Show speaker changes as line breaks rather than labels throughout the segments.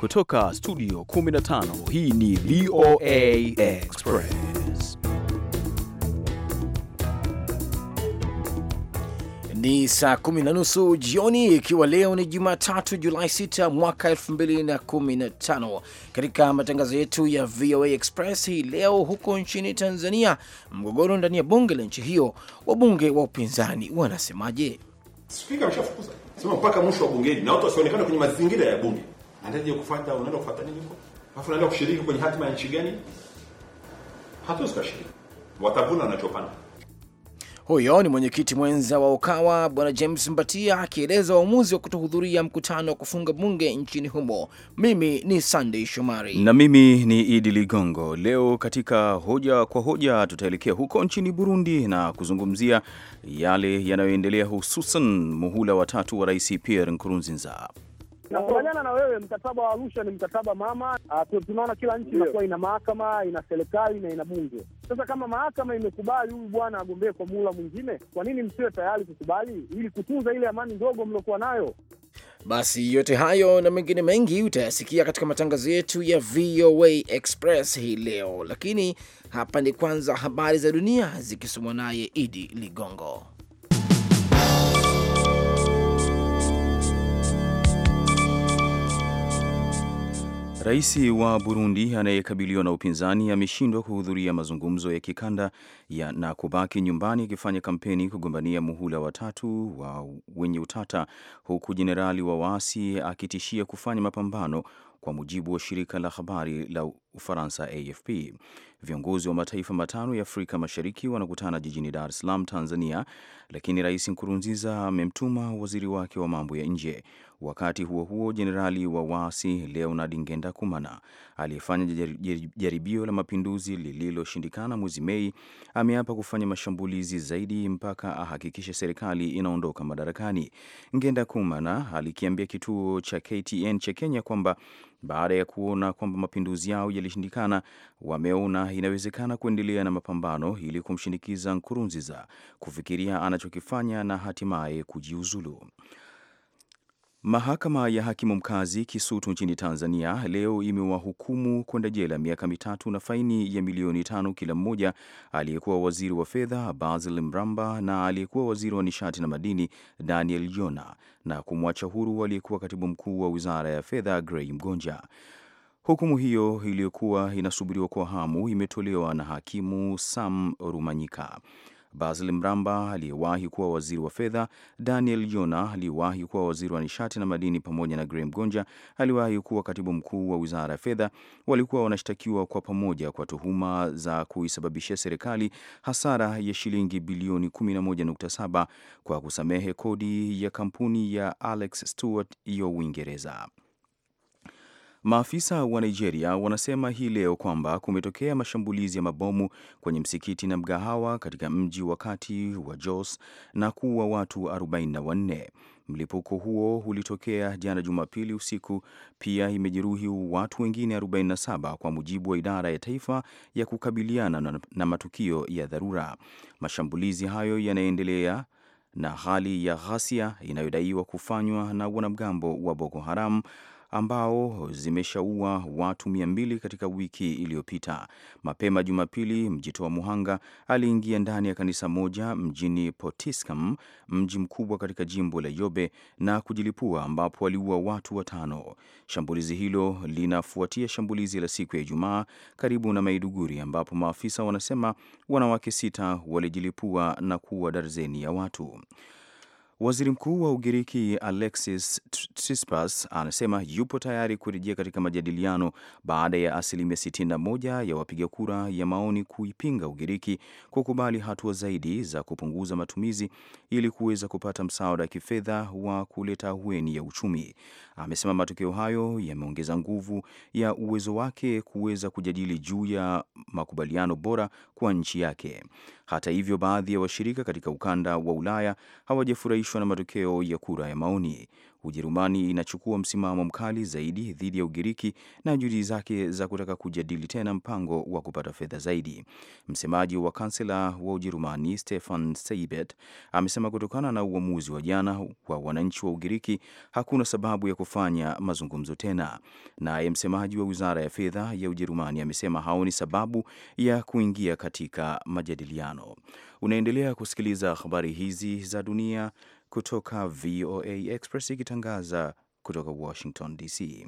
Kutoka studio
15
hii ni VOA
Express. Ni saa kumi na nusu jioni ikiwa leo ni Jumatatu Julai 6 mwaka 2015. Katika matangazo yetu ya VOA Express hii leo, huko nchini Tanzania, mgogoro ndani ya bunge la nchi hiyo, wabunge wa upinzani wanasemaje? Spika ameshafukuza
Sema mpaka mwisho wa bungeni na watu wasionekane kwenye mazingira ya bunge. Andaje kufanya unaenda kufuata nini huko? Alafu unaenda kushiriki kwenye hatima ya nchi gani? Hatuwezi kushiriki. Watavuna wanachopanda.
Huyo ni mwenyekiti mwenza wa Ukawa Bwana James Mbatia akieleza uamuzi wa kutohudhuria mkutano wa kufunga bunge nchini humo. Mimi ni sandey Shomari
na mimi ni Idi Ligongo. Leo katika hoja kwa hoja tutaelekea huko nchini Burundi na kuzungumzia yale yanayoendelea, hususan muhula watatu wa Rais Pierre Nkurunziza.
Nakubaliana na wewe, mkataba wa Arusha ni mkataba mama. Ah, tunaona kila nchi inakuwa ina mahakama, ina serikali na ina bunge. Sasa kama mahakama imekubali huyu bwana agombee kwa muhula mwingine, kwa nini msiwe tayari kukubali ili kutunza ile amani ndogo mliokuwa nayo?
Basi yote hayo na mengine mengi utayasikia katika matangazo yetu ya VOA Express hii leo, lakini hapa ni kwanza habari za dunia zikisomwa naye Idi Ligongo.
Rais wa Burundi anayekabiliwa na upinzani ameshindwa kuhudhuria mazungumzo ya kikanda ya na kubaki nyumbani akifanya kampeni kugombania muhula watatu wa wenye utata, huku jenerali wa waasi akitishia kufanya mapambano, kwa mujibu wa shirika la habari la Ufaransa AFP. Viongozi wa mataifa matano ya Afrika Mashariki wanakutana jijini Dar es Salaam, Tanzania, lakini Rais Nkurunziza amemtuma waziri wake wa mambo ya nje. Wakati huo huo, jenerali wa waasi Leonard Ngenda Kumana aliyefanya jaribio la mapinduzi lililoshindikana mwezi Mei ameapa kufanya mashambulizi zaidi mpaka ahakikishe serikali inaondoka madarakani. Ngenda Kumana alikiambia kituo cha KTN cha Kenya kwamba baada ya kuona kwamba mapinduzi yao yalishindikana, wameona inawezekana kuendelea na mapambano ili kumshinikiza Nkurunziza kufikiria anachokifanya na hatimaye kujiuzulu. Mahakama ya hakimu mkazi Kisutu nchini Tanzania leo imewahukumu kwenda jela miaka mitatu na faini ya milioni tano kila mmoja aliyekuwa waziri wa fedha Basil Mramba na aliyekuwa waziri wa nishati na madini Daniel Jona na kumwacha huru aliyekuwa katibu mkuu wa wizara ya fedha grey Mgonja. Hukumu hiyo iliyokuwa inasubiriwa kwa hamu imetolewa na hakimu Sam Rumanyika. Basil Mramba aliyewahi kuwa waziri wa fedha, Daniel Jona aliyewahi kuwa waziri wa nishati na madini, pamoja na Graham Gonja aliyewahi kuwa katibu mkuu wa wizara ya fedha, walikuwa wanashtakiwa kwa pamoja kwa tuhuma za kuisababishia serikali hasara ya shilingi bilioni 11.7 kwa kusamehe kodi ya kampuni ya Alex Stewart ya Uingereza. Maafisa wa Nigeria wanasema hii leo kwamba kumetokea mashambulizi ya mabomu kwenye msikiti na mgahawa katika mji wa kati wa Jos na kuua watu 44. Mlipuko huo ulitokea jana Jumapili usiku, pia imejeruhi watu wengine 47 kwa mujibu wa idara ya taifa ya kukabiliana na matukio ya dharura. Mashambulizi hayo yanaendelea na hali ya ghasia inayodaiwa kufanywa na wanamgambo wa Boko Haram ambao zimeshaua watu mia mbili katika wiki iliyopita. Mapema Jumapili, mjitoa muhanga aliingia ndani ya kanisa moja mjini Potiskum, mji mkubwa katika jimbo la Yobe, na kujilipua ambapo aliua watu watano. Shambulizi hilo linafuatia shambulizi la siku ya Ijumaa karibu na Maiduguri, ambapo maafisa wanasema wanawake sita walijilipua na kuua darzeni ya watu. Waziri Mkuu wa Ugiriki Alexis Tsipras anasema yupo tayari kurejea katika majadiliano baada ya asilimia 61 ya wapiga kura ya maoni kuipinga Ugiriki kukubali hatua zaidi za kupunguza matumizi ili kuweza kupata msaada wa kifedha wa kuleta ahueni ya uchumi. Amesema matokeo hayo yameongeza nguvu ya uwezo wake kuweza kujadili juu ya makubaliano bora kwa nchi yake. Hata hivyo, baadhi ya washirika katika ukanda wa Ulaya hawajafurahishwa na matokeo ya kura ya maoni. Ujerumani inachukua msimamo mkali zaidi dhidi ya Ugiriki na juhudi zake za kutaka kujadili tena mpango wa kupata fedha zaidi. Msemaji wa kansela wa Ujerumani Stefan Seibert amesema kutokana na uamuzi wa jana wa wananchi wa Ugiriki hakuna sababu ya kufanya mazungumzo tena. Naye msemaji wa wizara ya fedha ya Ujerumani amesema haoni sababu ya kuingia katika majadiliano tano. Unaendelea kusikiliza habari hizi za dunia kutoka VOA Express ikitangaza kutoka Washington DC.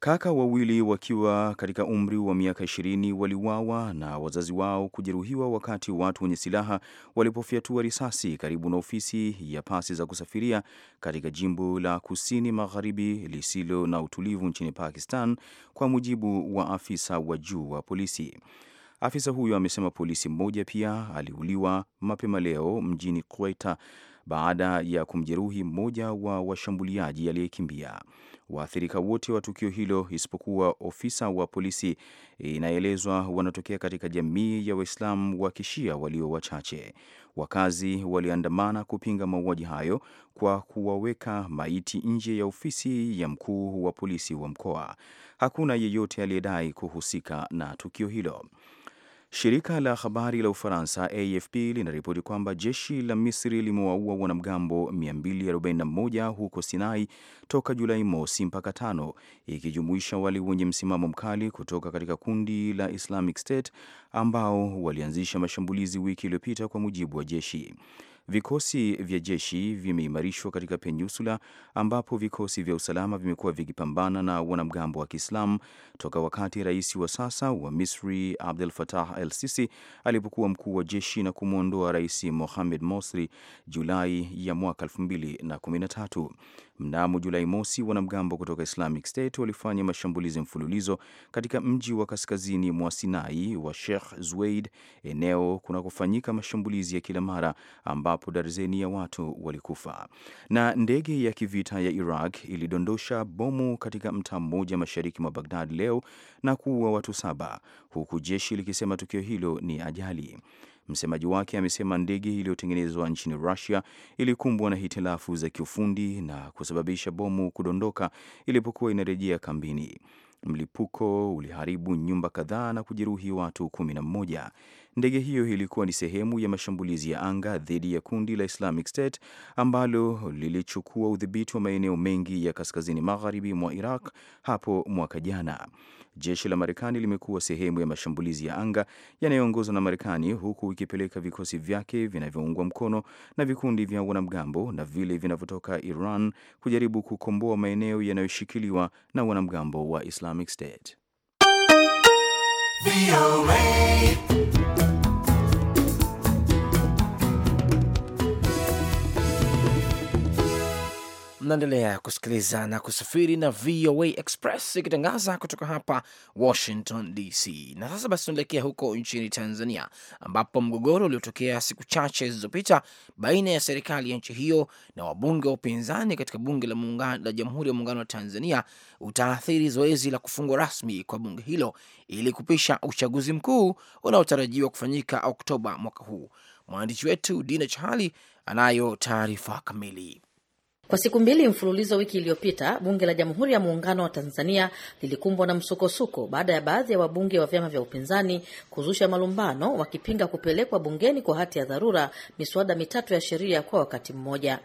Kaka wawili wakiwa katika umri wa miaka ishirini waliuawa na wazazi wao kujeruhiwa wakati watu wenye silaha walipofyatua risasi karibu na ofisi ya pasi za kusafiria katika jimbo la kusini magharibi lisilo na utulivu nchini Pakistan, kwa mujibu wa afisa wa juu wa polisi. Afisa huyo amesema polisi mmoja pia aliuliwa mapema leo mjini Quetta baada ya kumjeruhi mmoja wa washambuliaji aliyekimbia. Waathirika wote wa tukio hilo isipokuwa ofisa wa polisi, inaelezwa wanatokea katika jamii ya Waislamu wa Kishia walio wachache. Wakazi waliandamana kupinga mauaji hayo kwa kuwaweka maiti nje ya ofisi ya mkuu wa polisi wa mkoa. Hakuna yeyote aliyedai kuhusika na tukio hilo. Shirika la habari la Ufaransa AFP linaripoti kwamba jeshi la Misri limewaua wanamgambo 241 huko Sinai toka Julai mosi mpaka tano, ikijumuisha wale wenye msimamo mkali kutoka katika kundi la Islamic State ambao walianzisha mashambulizi wiki iliyopita, kwa mujibu wa jeshi. Vikosi vya jeshi vimeimarishwa katika peninsula ambapo vikosi vya usalama vimekuwa vikipambana na wanamgambo wa Kiislamu toka wakati rais wa sasa wa Misri Abdel Fattah El Sisi alipokuwa mkuu wa jeshi na kumwondoa Rais Mohamed Morsi Julai ya mwaka 2013. Mnamo Julai mosi, wanamgambo kutoka Islamic State walifanya mashambulizi mfululizo katika mji wa kaskazini mwa Sinai wa Sheikh zweid eneo kunakofanyika mashambulizi ya kila mara ambapo darzeni ya watu walikufa. Na ndege ya kivita ya Iraq ilidondosha bomu katika mtaa mmoja mashariki mwa bagdad leo na kuua watu saba, huku jeshi likisema tukio hilo ni ajali. Msemaji wake amesema ndege iliyotengenezwa nchini Russia ilikumbwa na hitilafu za kiufundi na kusababisha bomu kudondoka ilipokuwa inarejea kambini. Mlipuko uliharibu nyumba kadhaa na kujeruhi watu kumi na mmoja. Ndege hiyo ilikuwa ni sehemu ya mashambulizi ya anga dhidi ya kundi la Islamic State ambalo lilichukua udhibiti wa maeneo mengi ya kaskazini magharibi mwa Iraq hapo mwaka jana. Jeshi la Marekani limekuwa sehemu ya mashambulizi ya anga yanayoongozwa na Marekani, huku ikipeleka vikosi vyake vinavyoungwa mkono na vikundi vya wanamgambo na vile vinavyotoka Iran kujaribu kukomboa maeneo yanayoshikiliwa na wanamgambo wa Islamic State.
Be away.
mnaendelea kusikiliza na kusafiri na VOA Express ikitangaza kutoka hapa Washington DC. Na sasa basi, tunaelekea huko nchini Tanzania, ambapo mgogoro uliotokea siku chache zilizopita baina ya serikali ya nchi hiyo na wabunge wa upinzani katika bunge la, la Jamhuri ya Muungano wa Tanzania utaathiri zoezi la kufungwa rasmi kwa bunge hilo ili kupisha uchaguzi mkuu unaotarajiwa kufanyika Oktoba mwaka huu. Mwandishi wetu Dina Chahali anayo taarifa kamili.
Kwa siku mbili mfululizo wiki iliyopita, bunge la Jamhuri ya Muungano wa Tanzania lilikumbwa na msukosuko baada ya baadhi ya wabunge wa vyama vya upinzani kuzusha malumbano wakipinga kupelekwa bungeni kwa hati ya dharura miswada mitatu ya sheria kwa wakati mmoja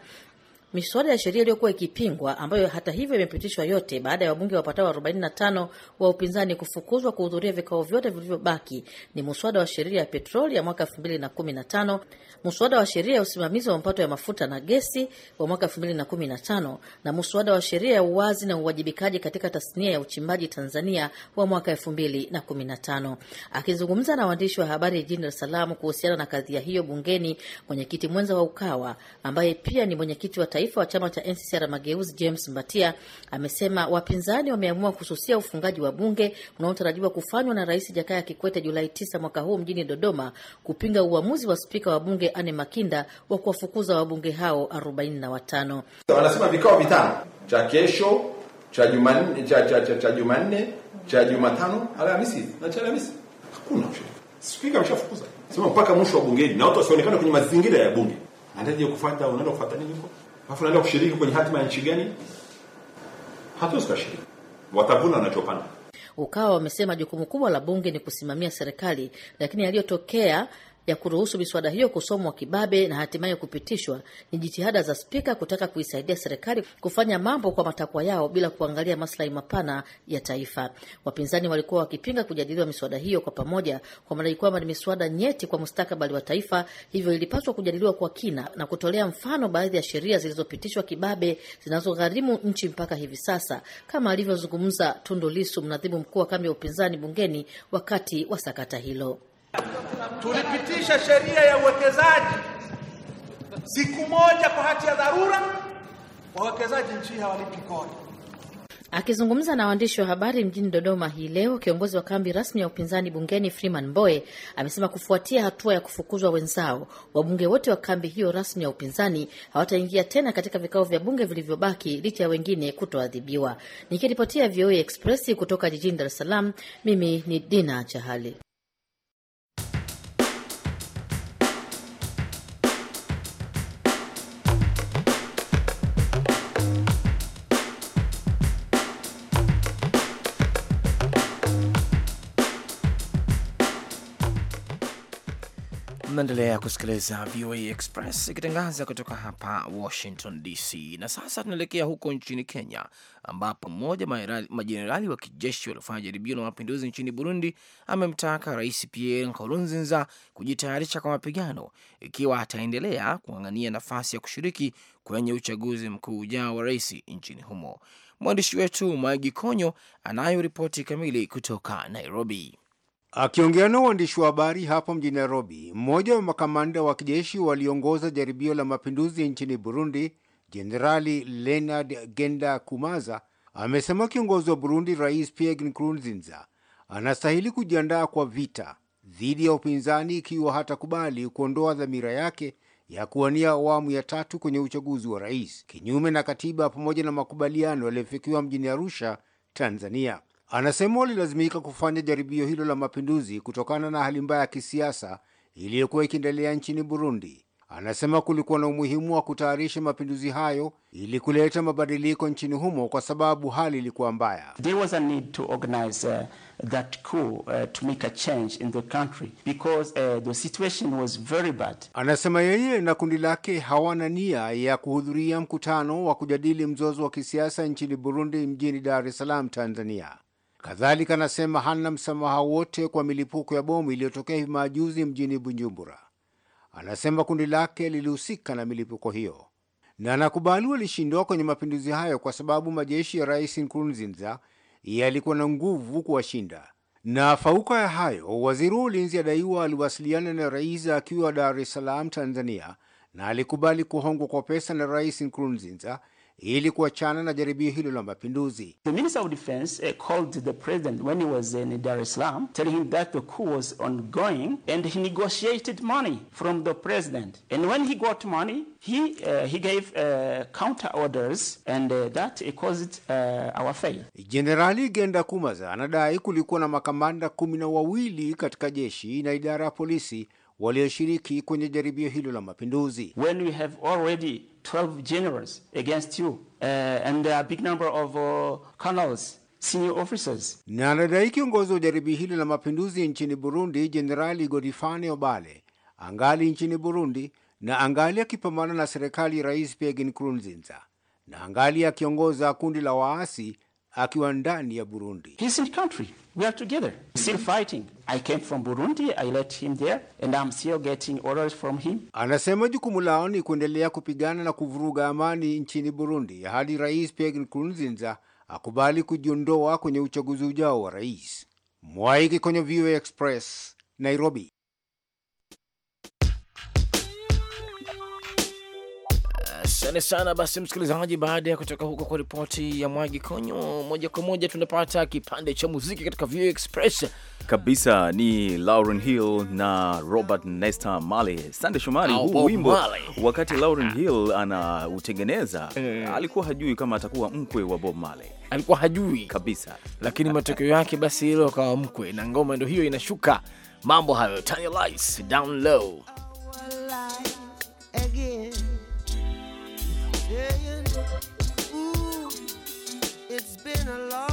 miswada ya sheria iliyokuwa ikipingwa ambayo hata hivyo imepitishwa yote baada ya wabunge wapatao 45 wa upinzani kufukuzwa kuhudhuria vikao vyote vilivyobaki ni muswada wa sheria ya petroli ya mwaka 2015, muswada wa sheria ya usimamizi wa mapato ya mafuta na gesi wa mwaka 2015 na muswada wa sheria ya uwazi na uwajibikaji katika tasnia ya uchimbaji Tanzania wa mwaka 2015. Akizungumza na waandishi wa habari jijini Dar es Salaam kuhusiana na kadhia hiyo bungeni, mwenyekiti mwenza wa UKAWA ambaye pia ni mwenyekiti wa taifa wa chama cha NCCR Mageuzi, James Mbatia amesema wapinzani wameamua kususia ufungaji wa bunge unaotarajiwa kufanywa na Rais Jakaya Kikwete Julai 9 mwaka huu mjini Dodoma kupinga uamuzi wa spika wa bunge Anne Makinda wa kuwafukuza wabunge hao 45.
Wanasema vikao vitano cha kesho cha Jumanne cha, cha, cha, cha Jumanne
cha Jumatano, Alhamisi na cha Alhamisi hakuna spika ameshafukuza, sema mpaka
mwisho wa bunge na watu wasionekana kwenye mazingira ya bunge. Andaje kufuata unaenda kufuata nini huko? Alafu naenda kushiriki kwenye hatima ya nchi gani? Hatuwezi kushiriki. Watavuna wanachopanda.
Ukawa wamesema jukumu kubwa la bunge ni kusimamia serikali, lakini yaliyotokea ya kuruhusu miswada hiyo kusomwa kibabe na hatimaye kupitishwa ni jitihada za spika kutaka kuisaidia serikali kufanya mambo kwa matakwa yao bila kuangalia maslahi mapana ya taifa. Wapinzani walikuwa wakipinga kujadiliwa miswada hiyo kwa pamoja kwa madai kwamba ni miswada nyeti kwa mustakabali wa taifa, hivyo ilipaswa kujadiliwa kwa kina na kutolea mfano baadhi ya sheria zilizopitishwa kibabe zinazogharimu nchi mpaka hivi sasa, kama alivyozungumza Tundu Lisu, mnadhibu mkuu wa kambi ya upinzani bungeni, wakati wa sakata hilo
tulipitisha
sheria ya uwekezaji siku moja kwa hati ya dharura,
wawekezaji nchi hawalipi kodi.
Akizungumza na waandishi wa habari mjini Dodoma hii leo, kiongozi wa kambi rasmi ya upinzani bungeni Freeman Mbowe amesema kufuatia hatua ya kufukuzwa wenzao, wabunge wote wa kambi hiyo rasmi ya upinzani hawataingia tena katika vikao vya bunge vilivyobaki licha ya wengine kutoadhibiwa. Nikiripotia VOA Express kutoka jijini Dar es Salaam, mimi ni Dina Chahali.
Unaendelea kusikiliza VOA Express ikitangaza kutoka hapa Washington DC. Na sasa tunaelekea huko nchini Kenya, ambapo mmoja majenerali wa kijeshi waliofanya jaribio la mapinduzi nchini Burundi amemtaka Rais Pierre Nkurunziza kujitayarisha kwa mapigano ikiwa ataendelea kung'ang'ania nafasi ya kushiriki kwenye uchaguzi mkuu ujao wa rais nchini humo. Mwandishi wetu maigi Konyo anayo ripoti kamili kutoka Nairobi. Akiongea na waandishi wa habari hapo mjini Nairobi, mmoja
wa makamanda wa kijeshi waliongoza jaribio la mapinduzi nchini Burundi, Jenerali Leonard Genda Kumaza, amesema kiongozi wa Burundi Rais Pierre Nkurunziza anastahili kujiandaa kwa vita dhidi ya upinzani ikiwa hatakubali kuondoa dhamira yake ya kuwania awamu ya tatu kwenye uchaguzi wa rais, kinyume na katiba pamoja na makubaliano yaliyofikiwa mjini Arusha, Tanzania. Anasema walilazimika kufanya jaribio hilo la mapinduzi kutokana na hali mbaya ya kisiasa iliyokuwa ikiendelea nchini Burundi. Anasema kulikuwa na umuhimu wa kutayarisha mapinduzi hayo ili kuleta mabadiliko nchini humo kwa sababu hali ilikuwa mbaya. There was a need to organize uh, that coup uh, to make a change in the country because uh, the situation was very bad. Anasema yeye na kundi lake hawana nia ya kuhudhuria mkutano wa kujadili mzozo wa kisiasa nchini Burundi mjini Dar es Salaam, Tanzania. Kadhalika anasema hana msamaha wote kwa milipuko ya bomu iliyotokea hivi majuzi mjini Bujumbura. Anasema kundi lake lilihusika na milipuko hiyo na anakubali walishindwa kwenye mapinduzi hayo kwa sababu majeshi ya Rais Nkurunziza yalikuwa na nguvu kuwashinda. Na fauka ya hayo, waziri wa ulinzi adaiwa aliwasiliana na rais akiwa Dar es Salaam, Tanzania, na alikubali kuhongwa kwa pesa na Rais Nkurunziza ili kuachana na jaribio hilo la mapinduzi. The Minister of Defense uh, called the president when he was in Dar es Salaam telling him that the coup was ongoing and he negotiated money from the president and when he got money he, uh, he gave uh, counter orders and uh, that caused uh, our fail. Jenerali Genda Kumaza anadai kulikuwa na makamanda kumi na wawili katika jeshi na idara ya polisi walioshiriki kwenye jaribio hilo la mapinduzi. When we have already 12 generals against you. Uh, and a big number of uh, colonels senior officers. Na anadai kiongozi wa jaribi hili la mapinduzi nchini Burundi, Jenerali Godifane Obale angali nchini Burundi na angali akipambana na serikali Rais Pierre Nkurunziza na angali akiongoza kundi la waasi akiwa ndani ya Burundi. He's in country. We are together. Still fighting. I came from Burundi. I let him there and I'm still getting orders from him. Anasema jukumu lao ni kuendelea kupigana na kuvuruga amani nchini Burundi hadi Rais Pierre Nkurunziza akubali kujiondoa kwenye uchaguzi ujao wa rais. Mwaiki kwenye VOA Express, Nairobi.
Asante sana basi, msikilizaji, baada ya kutoka huko kwa ripoti ya Mwagi Konyo, moja kwa moja tunapata kipande cha muziki katika View Express
kabisa. Ni Lauren Hill na Robert Nesta Marley. Sande Shomari, huu wimbo wakati Lauren ah. Hill anautengeneza eh.
alikuwa hajui kama atakuwa mkwe wa Bob Marley, alikuwa hajui kabisa, lakini matokeo yake basi hilo akawa mkwe, na ngoma ndio hiyo inashuka mambo hayo, turn your down low again saying, Ooh, it's been a long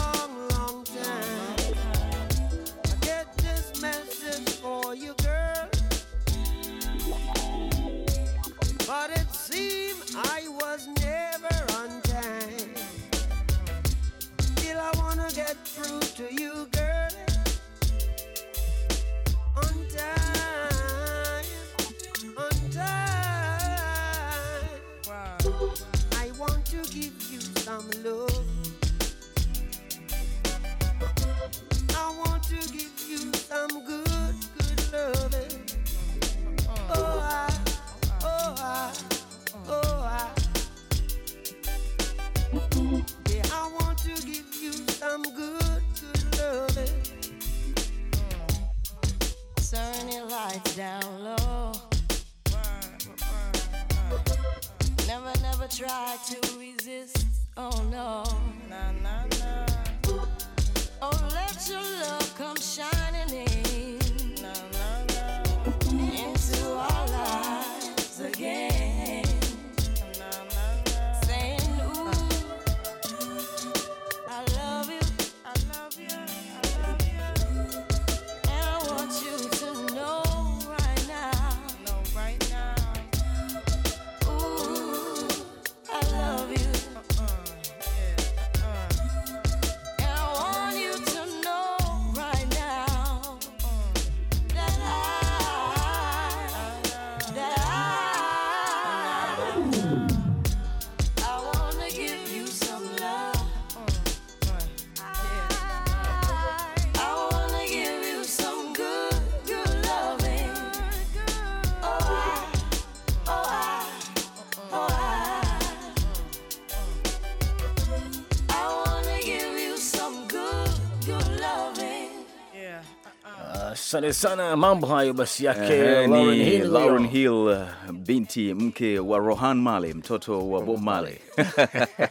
Asante sana, mambo hayo basi yake Lauren Hill, Lauren
Hill, binti mke wa Rohan Male, mtoto wa Bob Male.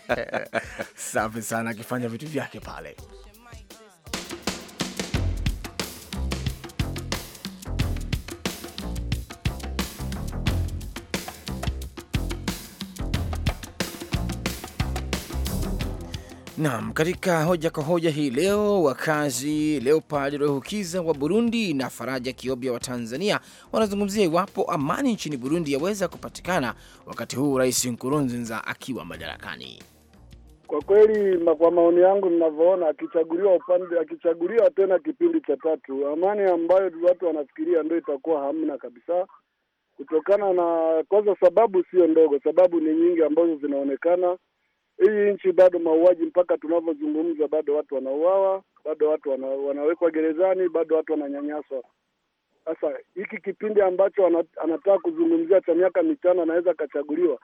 Safi sana, akifanya vitu vyake pale. Naam, katika hoja kwa hoja hii leo, wakazi Leopard Rehukiza wa Burundi na Faraja Kiobya wa Tanzania wanazungumzia iwapo amani nchini Burundi yaweza kupatikana wakati huu Rais Nkurunziza akiwa madarakani.
Kwa kweli, kwa maoni yangu, ninavyoona, akichaguliwa upande, akichaguliwa tena kipindi cha tatu, amani ambayo watu wanafikiria ndio itakuwa hamna kabisa, kutokana na kwanza, sababu sio ndogo, sababu ni nyingi ambazo zinaonekana hii nchi bado mauaji, mpaka tunavyozungumza, bado watu wanauawa, bado watu wana, wanawekwa gerezani, bado watu wananyanyaswa. Sasa hiki kipindi ambacho anataka kuzungumzia cha miaka mitano, anaweza akachaguliwa,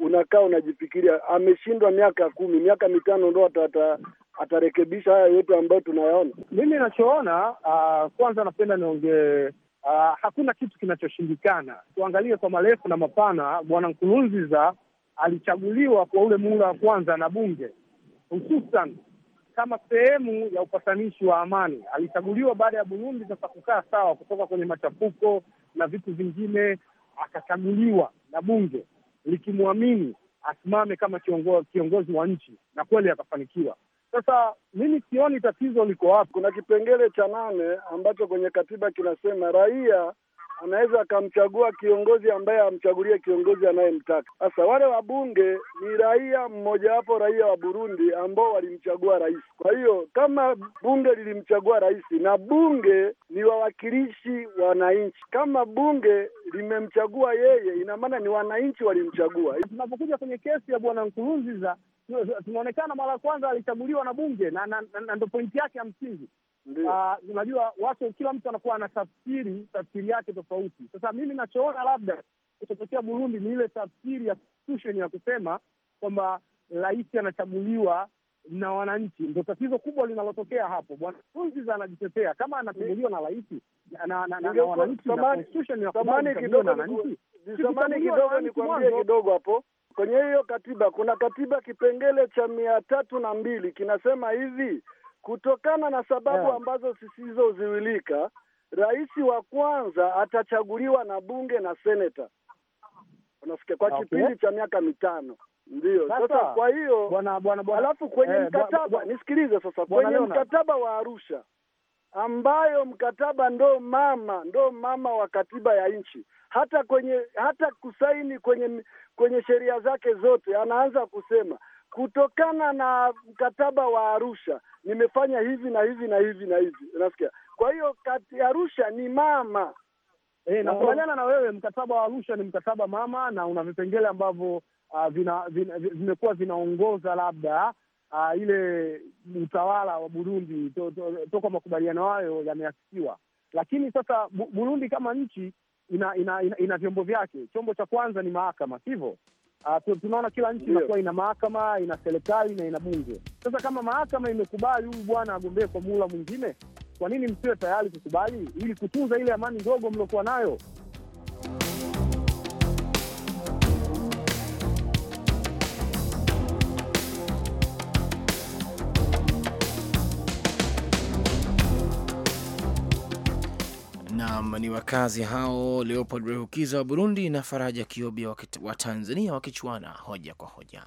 unakaa unajifikiria, ameshindwa miaka kumi, miaka mitano ndo atata atarekebisha haya yote ambayo tunayaona. Mimi
nachoona uh, kwanza napenda niongee uh, ah, hakuna kitu kinachoshindikana. Tuangalie kwa marefu na mapana, Bwana Nkurunziza alichaguliwa kwa ule muhula wa kwanza na bunge hususan kama sehemu ya upatanishi wa amani. Alichaguliwa baada ya Burundi sasa kukaa sawa kutoka kwenye machafuko na vitu vingine, akachaguliwa na bunge likimwamini asimame kama kiongozi, kiongozi wa nchi na kweli akafanikiwa.
Sasa mimi sioni tatizo liko wapi. Kuna kipengele cha nane ambacho kwenye katiba kinasema raia anaweza akamchagua kiongozi ambaye amchagulie kiongozi anayemtaka. Sasa wale wabunge ni raia, mmojawapo raia wa Burundi ambao walimchagua rais. Kwa hiyo kama bunge lilimchagua rais, na bunge ni wawakilishi wananchi, kama bunge limemchagua yeye, ina maana ni wananchi walimchagua. Tunapokuja kwenye kesi ya bwana Nkurunziza,
tunaonekana mara ya kwanza alichaguliwa na bunge, na, na ndo pointi yake ya msingi Uh, unajua watu, kila mtu anakuwa ana tafsiri yake tofauti. Sasa mimi nachoona labda kutokea Burundi ni ile tafsiri ya constitution ya kusema kwamba rais anachaguliwa na wananchi. Ndo tatizo kubwa linalotokea hapo. Bwana Nkurunziza anajitetea kama anachaguliwa na rais na wananchi, samani
kidogo nikwambie kidogo hapo kwenye hiyo katiba. Kuna katiba kipengele cha mia tatu na mbili kinasema hivi kutokana na sababu yeah, ambazo zisizozuilika. Rais wa kwanza atachaguliwa na bunge na seneta, unasikia, kwa okay, kipindi cha miaka mitano. Ndio sasa kwa hiyo bwana bwana bwana, alafu kwenye eh, mkataba nisikilize sasa, kwenye mkataba wa Arusha ambayo mkataba ndo mama ndo mama wa katiba ya nchi, hata kwenye hata kusaini kwenye kwenye sheria zake zote anaanza kusema kutokana na mkataba wa Arusha nimefanya hivi na hivi na hivi na hivi, unasikia? Kwa hiyo kati Arusha ni mama e, eh, nakubaliana na wewe,
mkataba wa Arusha ni mkataba mama na una vipengele ambavyo uh, ah, vimekuwa vina, vina, vinaongoza labda uh, ile utawala wa Burundi to, to, to, toka makubaliano hayo yameafikiwa, lakini sasa Burundi kama nchi ina ina, ina, ina vyombo vyake. Chombo cha kwanza ni mahakama, sivyo? Uh, tunaona kila nchi inakuwa ina mahakama, ina serikali na ina bunge. Sasa kama mahakama imekubali huyu bwana agombee kwa muhula mwingine, kwa nini msiwe tayari kukubali ili kutunza ile amani ndogo mliokuwa nayo?
Nam ni wakazi hao Leopold Rehukiza wa Burundi na Faraja Kiobia wa Tanzania wakichuana hoja kwa hoja.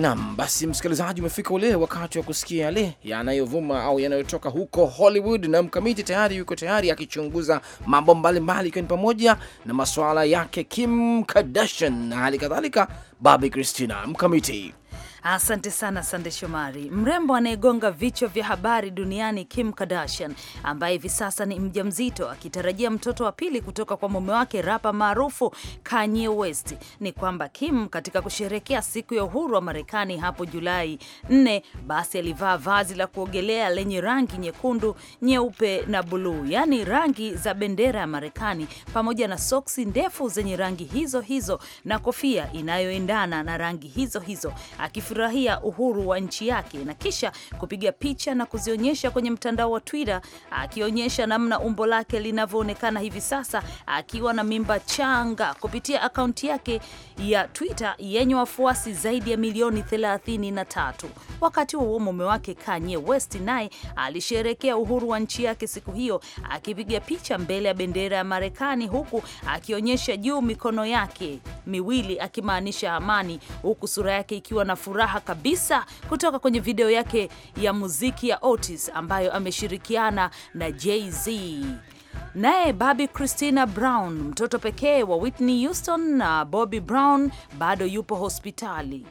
Nam, basi msikilizaji, umefika ule wakati wa kusikia yale yanayovuma au yanayotoka huko Hollywood, na mkamiti tayari yuko tayari akichunguza mambo mbalimbali, ikiwa ni pamoja na masuala yake Kim Kardashian na hali kadhalika Barbie Christina. Mkamiti
Asante sana Sande Shomari. Mrembo anayegonga vichwa vya habari duniani Kim Kardashian, ambaye hivi sasa ni mjamzito akitarajia mtoto wa pili kutoka kwa mume wake rapa maarufu Kanye West, ni kwamba Kim katika kusherekea siku ya uhuru wa Marekani hapo Julai 4, basi alivaa vazi la kuogelea lenye rangi nyekundu, nyeupe na buluu, yaani rangi za bendera ya Marekani, pamoja na soksi ndefu zenye rangi hizo hizo na kofia inayoendana na rangi hizo hizo Akifu kufurahia uhuru wa nchi yake na kisha kupiga picha na kuzionyesha kwenye mtandao wa Twitter akionyesha namna umbo lake linavyoonekana hivi sasa akiwa na mimba changa kupitia akaunti yake ya Twitter yenye wafuasi zaidi ya milioni 33. Wakati huo mume wake Kanye West naye alisherekea uhuru wa nchi yake siku hiyo akipiga picha mbele ya bendera ya Marekani huku akionyesha juu mikono yake miwili akimaanisha amani huku sura yake ikiwa na furaha furaha kabisa kutoka kwenye video yake ya muziki ya Otis ambayo ameshirikiana na Jay-Z. Naye baby Christina Brown, mtoto pekee wa Whitney Houston na Bobby Brown, bado yupo hospitali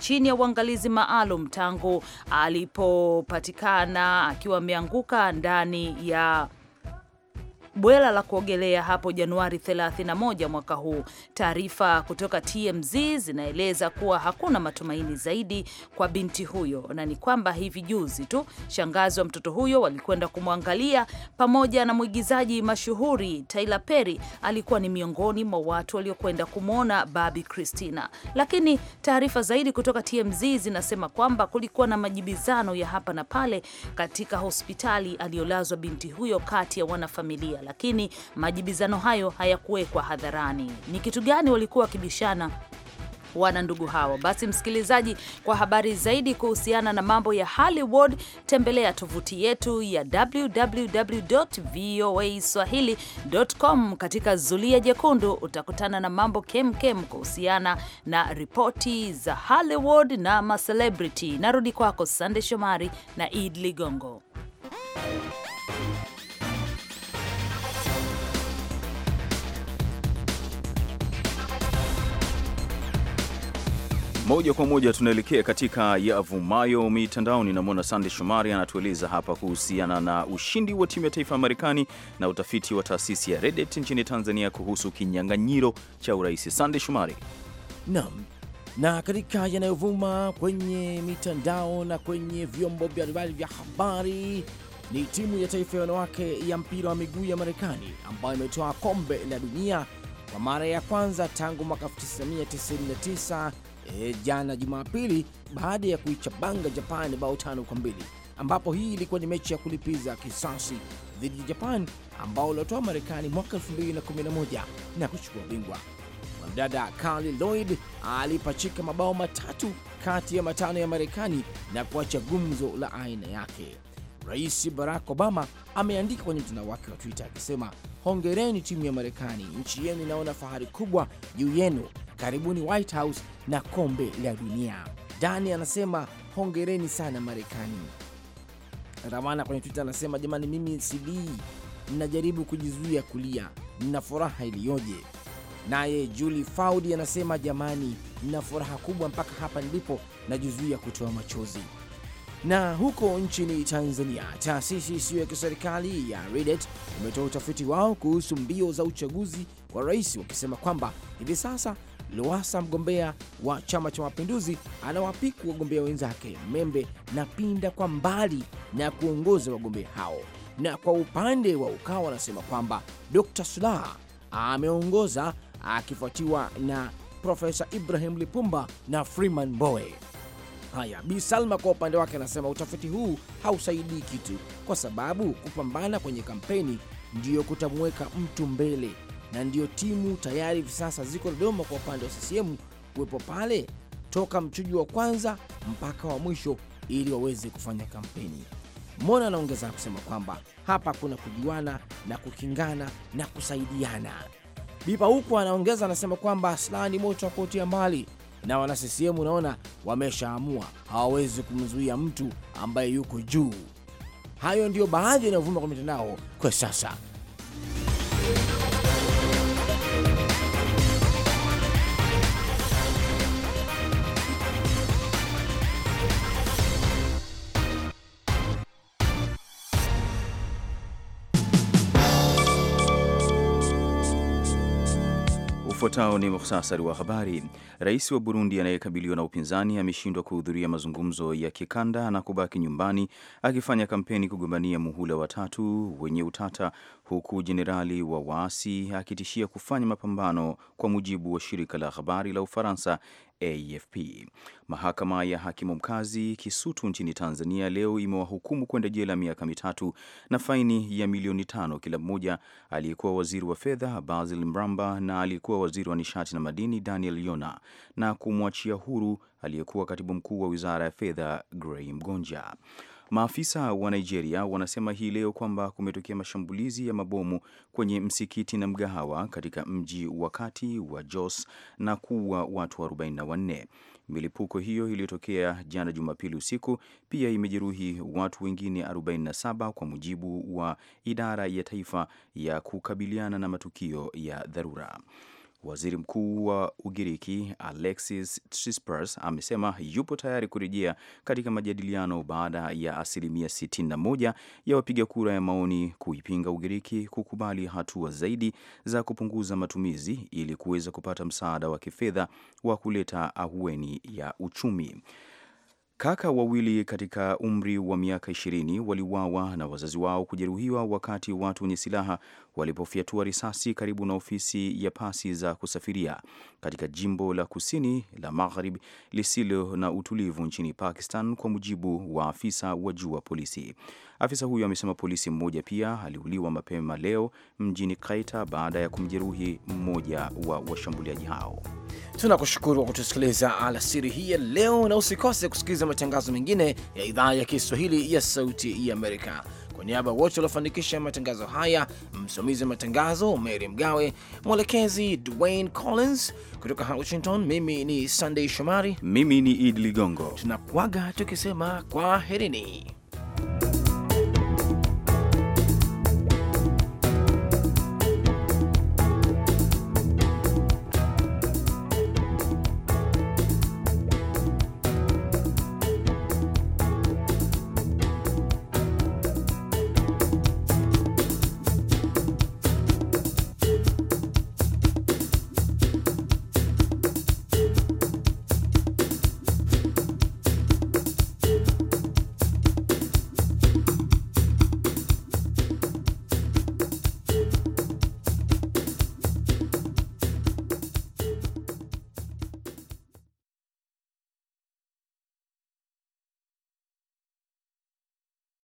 chini ya uangalizi maalum tangu alipopatikana akiwa ameanguka ndani ya bwela la kuogelea hapo Januari 31 mwaka huu. Taarifa kutoka TMZ zinaeleza kuwa hakuna matumaini zaidi kwa binti huyo, na ni kwamba hivi juzi tu shangazi wa mtoto huyo walikwenda kumwangalia pamoja na mwigizaji mashuhuri Tyler Perry, alikuwa ni miongoni mwa watu waliokwenda kumwona babi Christina. Lakini taarifa zaidi kutoka TMZ zinasema kwamba kulikuwa na majibizano ya hapa na pale katika hospitali aliyolazwa binti huyo kati ya wanafamilia lakini majibizano hayo hayakuwekwa hadharani. Ni kitu gani walikuwa wakibishana wana ndugu hawa. Basi msikilizaji, kwa habari zaidi kuhusiana na mambo ya Hollywood tembelea tovuti yetu ya www.voaswahili.com. Katika zulia jekundu utakutana na mambo kemkem kuhusiana na ripoti za Hollywood na macelebrity. Narudi kwako Sande Shomari na Id Ligongo.
Moja kwa moja tunaelekea katika yavumayo mitandaoni. Namwona Sande Shomari anatueleza hapa kuhusiana na ushindi wa timu ya taifa ya Marekani na utafiti wa taasisi ya Reddit nchini Tanzania kuhusu kinyang'anyiro cha urais. Sande Shomari.
Naam, na katika yanayovuma kwenye mitandao na kwenye vyombo mbalimbali vya habari ni timu ya taifa ya wanawake ya mpira wa miguu ya Marekani ambayo imetoa kombe la dunia kwa mara ya kwanza tangu mwaka 1999 e, jana Jumapili baada ya kuichabanga Japan bao tano kwa mbili ambapo hii ilikuwa ni mechi ya kulipiza kisasi dhidi ya Japan ambao waliotoa Marekani mwaka 2011 na, na kuchukua bingwa. Mwanadada Carli Lloyd alipachika mabao matatu kati ya matano ya Marekani na kuacha gumzo la aina yake. Rais Barack Obama ameandika kwenye mtandao wake wa Twitter akisema, hongereni timu ya Marekani, nchi yenu inaona fahari kubwa juu yenu, karibuni White House na kombe la dunia. Dani anasema hongereni sana Marekani. Ramana kwenye Twitter anasema, jamani, mimi sidii, mnajaribu kujizuia kulia, mna furaha iliyoje! Naye juli Faudi anasema, jamani, mna furaha kubwa, mpaka hapa nilipo najizuia kutoa machozi. Na huko nchini Tanzania, taasisi isiyo ya kiserikali ya redet umetoa utafiti wao kuhusu mbio za uchaguzi wa rais, wakisema kwamba hivi sasa Lowassa, mgombea wa Chama cha Mapinduzi, anawapiku wagombea wenzake Membe na Pinda kwa mbali na kuongoza wagombea hao. Na kwa upande wa Ukawa wanasema kwamba Dr. sulah ameongoza akifuatiwa na Profesa Ibrahim Lipumba na Freeman Mbowe. Haya, Bi Salma kwa upande wake anasema utafiti huu hausaidii kitu, kwa sababu kupambana kwenye kampeni ndiyo kutamweka mtu mbele, na ndiyo timu tayari hivi sasa ziko Dodoma kwa upande wa CCM kuwepo pale toka mchuji wa kwanza mpaka wa mwisho, ili waweze kufanya kampeni. Mona anaongeza kusema kwamba hapa kuna kujuana na kukingana na kusaidiana. Bipa huku anaongeza anasema kwamba silaha ni moto wa kuotea mbali na wana CCM unaona, wameshaamua hawawezi kumzuia mtu ambaye yuko juu. Hayo ndiyo baadhi yanayovuma kwa mitandao kwa sasa.
Ufuatao ni muhtasari wa habari. Rais wa Burundi anayekabiliwa na upinzani ameshindwa kuhudhuria mazungumzo ya kikanda na kubaki nyumbani akifanya kampeni kugombania muhula watatu wenye utata, huku jenerali wa waasi akitishia kufanya mapambano, kwa mujibu wa shirika la habari la Ufaransa AFP. Mahakama ya hakimu mkazi Kisutu nchini Tanzania leo imewahukumu kwenda jela miaka mitatu na faini ya milioni tano kila mmoja aliyekuwa waziri wa fedha Basil Mramba na aliyekuwa waziri wa nishati na madini Daniel Yona na kumwachia huru aliyekuwa katibu mkuu wa wizara ya fedha Gray Mgonja. Maafisa wa Nigeria wanasema hii leo kwamba kumetokea mashambulizi ya mabomu kwenye msikiti na mgahawa katika mji wa kati wa Jos na kuua watu 44. Milipuko hiyo iliyotokea jana Jumapili usiku pia imejeruhi watu wengine 47 kwa mujibu wa idara ya taifa ya kukabiliana na matukio ya dharura. Waziri Mkuu wa Ugiriki Alexis Tsipras amesema yupo tayari kurejea katika majadiliano baada ya asilimia 61 ya wapiga kura ya maoni kuipinga Ugiriki kukubali hatua zaidi za kupunguza matumizi ili kuweza kupata msaada wa kifedha wa kuleta ahueni ya uchumi. Kaka wawili katika umri wa miaka ishirini waliuawa na wazazi wao kujeruhiwa wakati watu wenye silaha walipofyatua risasi karibu na ofisi ya pasi za kusafiria katika jimbo la kusini la magharibi lisilo na utulivu nchini Pakistan, kwa mujibu wa afisa wa juu wa polisi. Afisa huyo amesema polisi mmoja pia aliuliwa mapema leo mjini Kaita baada ya kumjeruhi mmoja wa
washambuliaji hao. Tunakushukuru kwa kutusikiliza alasiri hii ya leo, na usikose kusikiliza matangazo mengine ya idhaa ya Kiswahili ya Sauti ya Amerika. Kwa niaba wote waliofanikisha matangazo haya, msimamizi wa matangazo Mary Mgawe, mwelekezi Dwayne Collins kutoka Washington, mimi ni Sunday Shomari, mimi ni Idi Ligongo, tunakwaga tukisema kwa herini